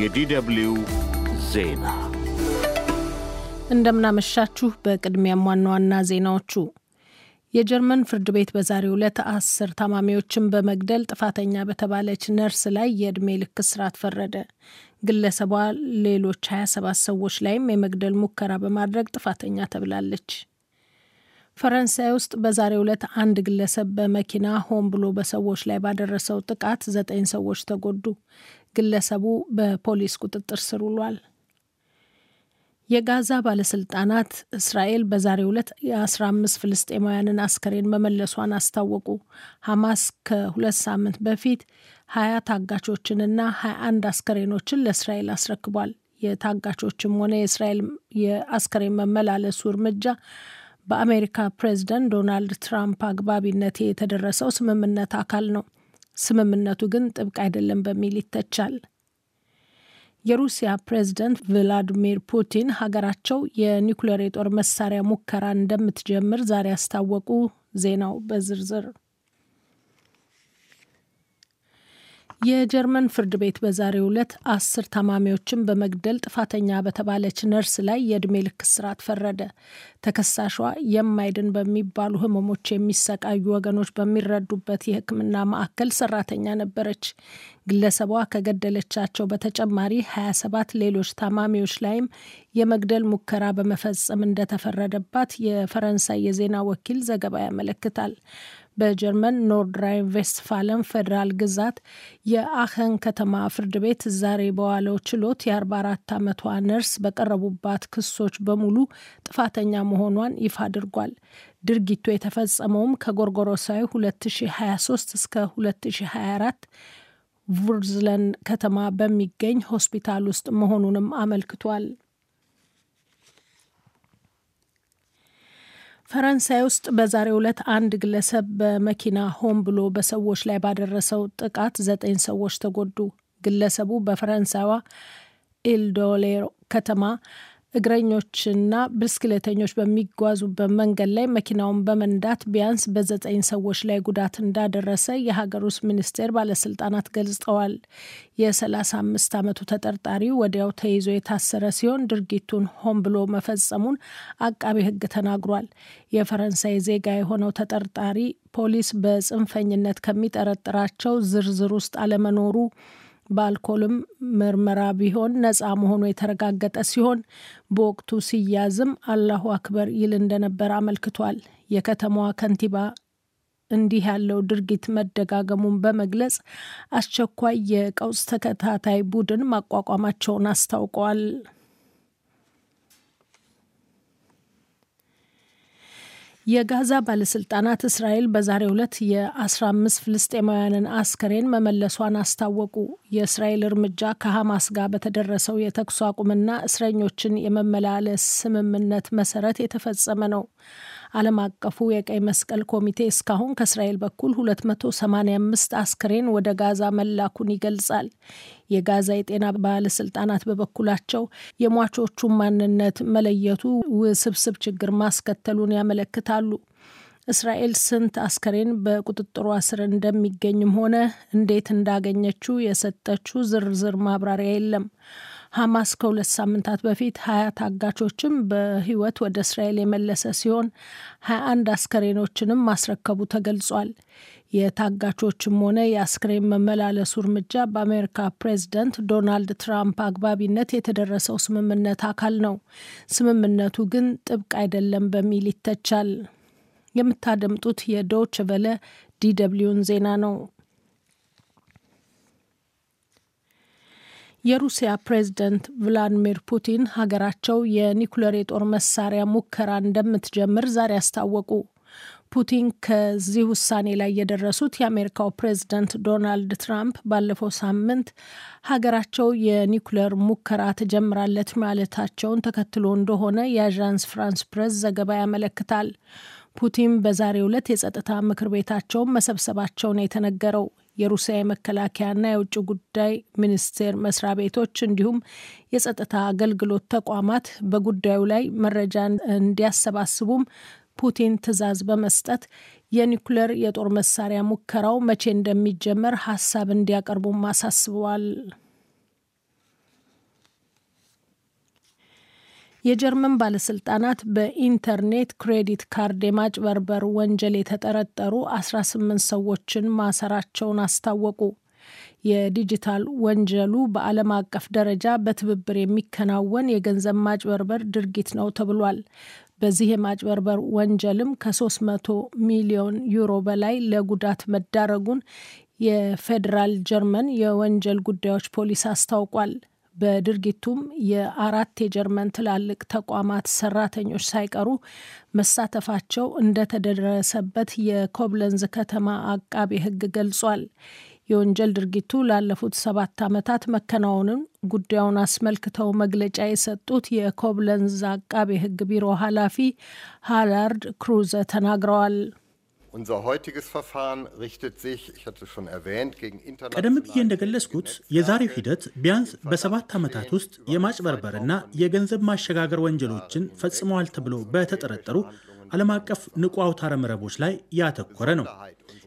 የዲደብልዩ ዜና እንደምናመሻችሁ። በቅድሚያም ዋና ዋና ዜናዎቹ የጀርመን ፍርድ ቤት በዛሬው ዕለት አስር ታማሚዎችን በመግደል ጥፋተኛ በተባለች ነርስ ላይ የዕድሜ ልክ እስራት ፈረደ። ግለሰቧ ሌሎች 27 ሰዎች ላይም የመግደል ሙከራ በማድረግ ጥፋተኛ ተብላለች። ፈረንሳይ ውስጥ በዛሬው ዕለት አንድ ግለሰብ በመኪና ሆን ብሎ በሰዎች ላይ ባደረሰው ጥቃት ዘጠኝ ሰዎች ተጎዱ። ግለሰቡ በፖሊስ ቁጥጥር ስር ውሏል። የጋዛ ባለስልጣናት እስራኤል በዛሬው ዕለት የ15 ፍልስጤማውያንን አስከሬን መመለሷን አስታወቁ። ሐማስ ከሁለት ሳምንት በፊት ሀያ ታጋቾችንና 21 አስከሬኖችን ለእስራኤል አስረክቧል። የታጋቾችም ሆነ የእስራኤል የአስከሬን መመላለሱ እርምጃ በአሜሪካ ፕሬዚደንት ዶናልድ ትራምፕ አግባቢነት የተደረሰው ስምምነት አካል ነው። ስምምነቱ ግን ጥብቅ አይደለም በሚል ይተቻል። የሩሲያ ፕሬዝደንት ቭላዲሚር ፑቲን ሀገራቸው የኒውክሌር የጦር መሳሪያ ሙከራ እንደምትጀምር ዛሬ አስታወቁ። ዜናው በዝርዝር የጀርመን ፍርድ ቤት በዛሬው ዕለት አስር ታማሚዎችን በመግደል ጥፋተኛ በተባለች ነርስ ላይ የዕድሜ ልክ እስራት ፈረደ። ተከሳሿ የማይድን በሚባሉ ህመሞች የሚሰቃዩ ወገኖች በሚረዱበት የሕክምና ማዕከል ሰራተኛ ነበረች። ግለሰቧ ከገደለቻቸው በተጨማሪ 27 ሌሎች ታማሚዎች ላይም የመግደል ሙከራ በመፈጸም እንደተፈረደባት የፈረንሳይ የዜና ወኪል ዘገባ ያመለክታል። በጀርመን ኖርድራይን ቬስትፋለን ፌዴራል ግዛት የአኸን ከተማ ፍርድ ቤት ዛሬ በዋለው ችሎት የ44 ዓመቷ ነርስ በቀረቡባት ክሶች በሙሉ ጥፋተኛ መሆኗን ይፋ አድርጓል። ድርጊቱ የተፈጸመውም ከጎርጎሮሳዊ 2023 እስከ 2024 ቡርዝለን ከተማ በሚገኝ ሆስፒታል ውስጥ መሆኑንም አመልክቷል። ፈረንሳይ ውስጥ በዛሬው ዕለት አንድ ግለሰብ በመኪና ሆን ብሎ በሰዎች ላይ ባደረሰው ጥቃት ዘጠኝ ሰዎች ተጎዱ። ግለሰቡ በፈረንሳይዋ ኢልዶሌሮ ከተማ እግረኞችና ብስክሌተኞች በሚጓዙበት መንገድ ላይ መኪናውን በመንዳት ቢያንስ በዘጠኝ ሰዎች ላይ ጉዳት እንዳደረሰ የሀገር ውስጥ ሚኒስቴር ባለስልጣናት ገልጸዋል። የ35 ዓመቱ ተጠርጣሪ ወዲያው ተይዞ የታሰረ ሲሆን ድርጊቱን ሆን ብሎ መፈጸሙን አቃቢ ሕግ ተናግሯል። የፈረንሳይ ዜጋ የሆነው ተጠርጣሪ ፖሊስ በጽንፈኝነት ከሚጠረጥራቸው ዝርዝር ውስጥ አለመኖሩ በአልኮልም ምርመራ ቢሆን ነፃ መሆኑ የተረጋገጠ ሲሆን በወቅቱ ሲያዝም አላሁ አክበር ይል እንደነበር አመልክቷል። የከተማዋ ከንቲባ እንዲህ ያለው ድርጊት መደጋገሙን በመግለጽ አስቸኳይ የቀውስ ተከታታይ ቡድን ማቋቋማቸውን አስታውቀዋል። የጋዛ ባለስልጣናት እስራኤል በዛሬው ዕለት የ15 ፍልስጤማውያንን አስከሬን መመለሷን አስታወቁ። የእስራኤል እርምጃ ከሐማስ ጋር በተደረሰው የተኩስ አቁምና እስረኞችን የመመላለስ ስምምነት መሰረት የተፈጸመ ነው። ዓለም አቀፉ የቀይ መስቀል ኮሚቴ እስካሁን ከእስራኤል በኩል 285 አስክሬን ወደ ጋዛ መላኩን ይገልጻል። የጋዛ የጤና ባለስልጣናት በበኩላቸው የሟቾቹን ማንነት መለየቱ ውስብስብ ችግር ማስከተሉን ያመለክታሉ። እስራኤል ስንት አስከሬን በቁጥጥሯ ስር እንደሚገኝም ሆነ እንዴት እንዳገኘችው የሰጠችው ዝርዝር ማብራሪያ የለም። ሐማስ ከሁለት ሳምንታት በፊት ሀያ ታጋቾችን በህይወት ወደ እስራኤል የመለሰ ሲሆን ሀያ አንድ አስከሬኖችንም ማስረከቡ ተገልጿል። የታጋቾችም ሆነ የአስክሬን መመላለሱ እርምጃ በአሜሪካ ፕሬዝደንት ዶናልድ ትራምፕ አግባቢነት የተደረሰው ስምምነት አካል ነው። ስምምነቱ ግን ጥብቅ አይደለም በሚል ይተቻል። የምታደምጡት የዶች ቨለ ዲደብሊውን ዜና ነው። የሩሲያ ፕሬዝደንት ቭላዲሚር ፑቲን ሀገራቸው የኒኩሌር የጦር መሳሪያ ሙከራ እንደምትጀምር ዛሬ አስታወቁ። ፑቲን ከዚህ ውሳኔ ላይ የደረሱት የአሜሪካው ፕሬዝደንት ዶናልድ ትራምፕ ባለፈው ሳምንት ሀገራቸው የኒኩሌር ሙከራ ትጀምራለች ማለታቸውን ተከትሎ እንደሆነ የአዣንስ ፍራንስ ፕሬስ ዘገባ ያመለክታል። ፑቲን በዛሬው ዕለት የጸጥታ ምክር ቤታቸውን መሰብሰባቸውን የተነገረው የሩሲያ የመከላከያና የውጭ ጉዳይ ሚኒስቴር መስሪያ ቤቶች እንዲሁም የጸጥታ አገልግሎት ተቋማት በጉዳዩ ላይ መረጃ እንዲያሰባስቡም ፑቲን ትዕዛዝ በመስጠት የኒኩሌር የጦር መሳሪያ ሙከራው መቼ እንደሚጀመር ሀሳብ እንዲያቀርቡም አሳስበዋል። የጀርመን ባለስልጣናት በኢንተርኔት ክሬዲት ካርድ የማጭበርበር ወንጀል የተጠረጠሩ 18 ሰዎችን ማሰራቸውን አስታወቁ። የዲጂታል ወንጀሉ በዓለም አቀፍ ደረጃ በትብብር የሚከናወን የገንዘብ ማጭበርበር ድርጊት ነው ተብሏል። በዚህ የማጭበርበር ወንጀልም ከ300 ሚሊዮን ዩሮ በላይ ለጉዳት መዳረጉን የፌዴራል ጀርመን የወንጀል ጉዳዮች ፖሊስ አስታውቋል። በድርጊቱም የአራት የጀርመን ትላልቅ ተቋማት ሰራተኞች ሳይቀሩ መሳተፋቸው እንደተደረሰበት የኮብለንዝ ከተማ አቃቤ ሕግ ገልጿል። የወንጀል ድርጊቱ ላለፉት ሰባት ዓመታት መከናወኑን ጉዳዩን አስመልክተው መግለጫ የሰጡት የኮብለንዝ አቃቤ ሕግ ቢሮ ኃላፊ ሃላርድ ክሩዘ ተናግረዋል። Unser heutiges Verfahren richtet sich, ich hatte schon erwähnt, gegen ቀደም ብዬ እንደገለጽኩት የዛሬው ሂደት ቢያንስ በሰባት ዓመታት ውስጥ የማጭበርበርና የገንዘብ ማሸጋገር ወንጀሎችን ፈጽመዋል ተብሎ በተጠረጠሩ ዓለም አቀፍ ንቁ አውታረ መረቦች ላይ ያተኮረ ነው።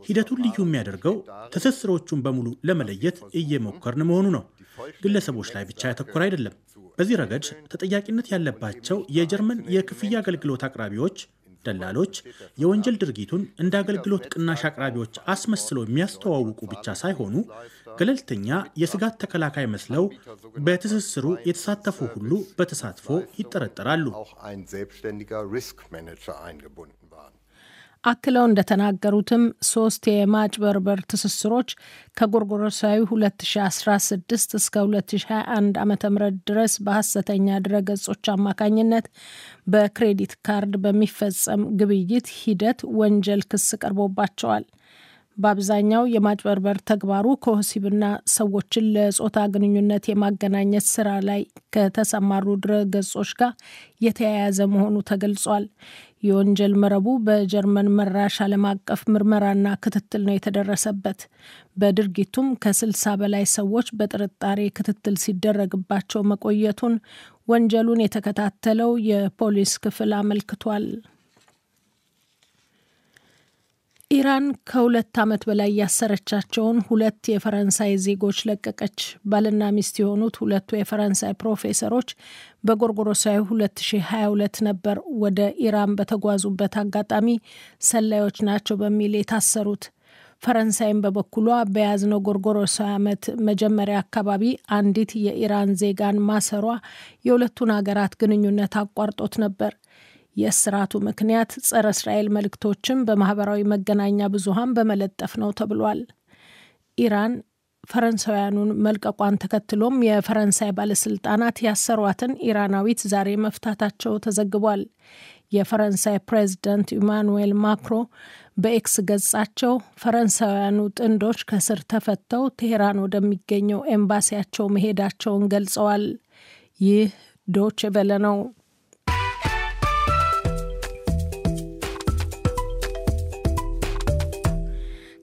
ሂደቱን ልዩ የሚያደርገው ትስስሮቹን በሙሉ ለመለየት እየሞከርን መሆኑ ነው። ግለሰቦች ላይ ብቻ ያተኮረ አይደለም። በዚህ ረገድ ተጠያቂነት ያለባቸው የጀርመን የክፍያ አገልግሎት አቅራቢዎች ደላሎች የወንጀል ድርጊቱን እንደ አገልግሎት ቅናሽ አቅራቢዎች አስመስለው የሚያስተዋውቁ ብቻ ሳይሆኑ ገለልተኛ የስጋት ተከላካይ መስለው በትስስሩ የተሳተፉ ሁሉ በተሳትፎ ይጠረጠራሉ። አክለው እንደተናገሩትም ሶስት የማጭበርበር ትስስሮች ከጎርጎሮሳዊ 2016 እስከ 2021 ዓ ም ድረስ በሐሰተኛ ድረገጾች አማካኝነት በክሬዲት ካርድ በሚፈጸም ግብይት ሂደት ወንጀል ክስ ቀርቦባቸዋል። በአብዛኛው የማጭበርበር ተግባሩ ከወሲብና ሰዎችን ለጾታ ግንኙነት የማገናኘት ስራ ላይ ከተሰማሩ ድረገጾች ጋር የተያያዘ መሆኑ ተገልጿል። የወንጀል መረቡ በጀርመን መራሽ ዓለም አቀፍ ምርመራና ክትትል ነው የተደረሰበት። በድርጊቱም ከስልሳ በላይ ሰዎች በጥርጣሬ ክትትል ሲደረግባቸው መቆየቱን ወንጀሉን የተከታተለው የፖሊስ ክፍል አመልክቷል። ኢራን ከሁለት ዓመት በላይ ያሰረቻቸውን ሁለት የፈረንሳይ ዜጎች ለቀቀች። ባልና ሚስት የሆኑት ሁለቱ የፈረንሳይ ፕሮፌሰሮች በጎርጎሮሳዊ 2022 ነበር ወደ ኢራን በተጓዙበት አጋጣሚ ሰላዮች ናቸው በሚል የታሰሩት። ፈረንሳይም በበኩሏ በያዝነው ጎርጎሮሳዊ ዓመት መጀመሪያ አካባቢ አንዲት የኢራን ዜጋን ማሰሯ የሁለቱን ሀገራት ግንኙነት አቋርጦት ነበር። የእስራቱ ምክንያት ጸረ እስራኤል መልእክቶችን በማህበራዊ መገናኛ ብዙሃን በመለጠፍ ነው ተብሏል። ኢራን ፈረንሳውያኑን መልቀቋን ተከትሎም የፈረንሳይ ባለስልጣናት ያሰሯትን ኢራናዊት ዛሬ መፍታታቸው ተዘግቧል። የፈረንሳይ ፕሬዚደንት ኢማኑዌል ማክሮ በኤክስ ገጻቸው ፈረንሳውያኑ ጥንዶች ከስር ተፈተው ቴሄራን ወደሚገኘው ኤምባሲያቸው መሄዳቸውን ገልጸዋል። ይህ ዶች ቬለ ነው።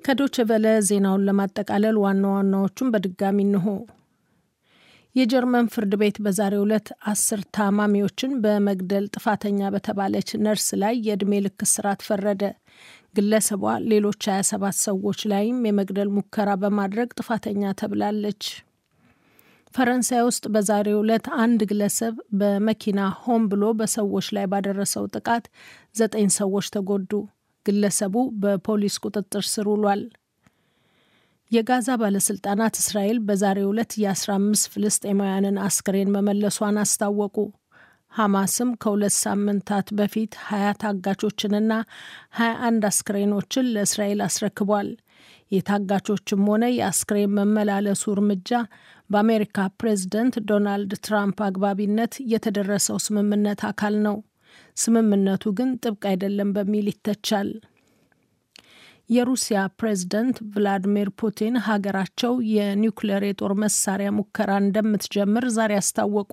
ከዶች በለ ዜናውን ለማጠቃለል ዋና ዋናዎቹን በድጋሚ እንሆ። የጀርመን ፍርድ ቤት በዛሬ ዕለት አስር ታማሚዎችን በመግደል ጥፋተኛ በተባለች ነርስ ላይ የዕድሜ ልክ እስራት ፈረደ። ግለሰቧ ሌሎች 27 ሰዎች ላይም የመግደል ሙከራ በማድረግ ጥፋተኛ ተብላለች። ፈረንሳይ ውስጥ በዛሬ ዕለት አንድ ግለሰብ በመኪና ሆን ብሎ በሰዎች ላይ ባደረሰው ጥቃት ዘጠኝ ሰዎች ተጎዱ። ግለሰቡ በፖሊስ ቁጥጥር ስር ውሏል። የጋዛ ባለስልጣናት እስራኤል በዛሬው ዕለት የ15 ፍልስጤማውያንን አስክሬን መመለሷን አስታወቁ። ሐማስም ከሁለት ሳምንታት በፊት ሀያ ታጋቾችንና ሀያ አንድ አስክሬኖችን ለእስራኤል አስረክቧል። የታጋቾችም ሆነ የአስክሬን መመላለሱ እርምጃ በአሜሪካ ፕሬዝደንት ዶናልድ ትራምፕ አግባቢነት የተደረሰው ስምምነት አካል ነው። ስምምነቱ ግን ጥብቅ አይደለም በሚል ይተቻል። የሩሲያ ፕሬዝደንት ቭላዲሚር ፑቲን ሀገራቸው የኒውክሌር የጦር መሳሪያ ሙከራ እንደምትጀምር ዛሬ አስታወቁ።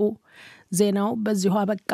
ዜናው በዚሁ አበቃ።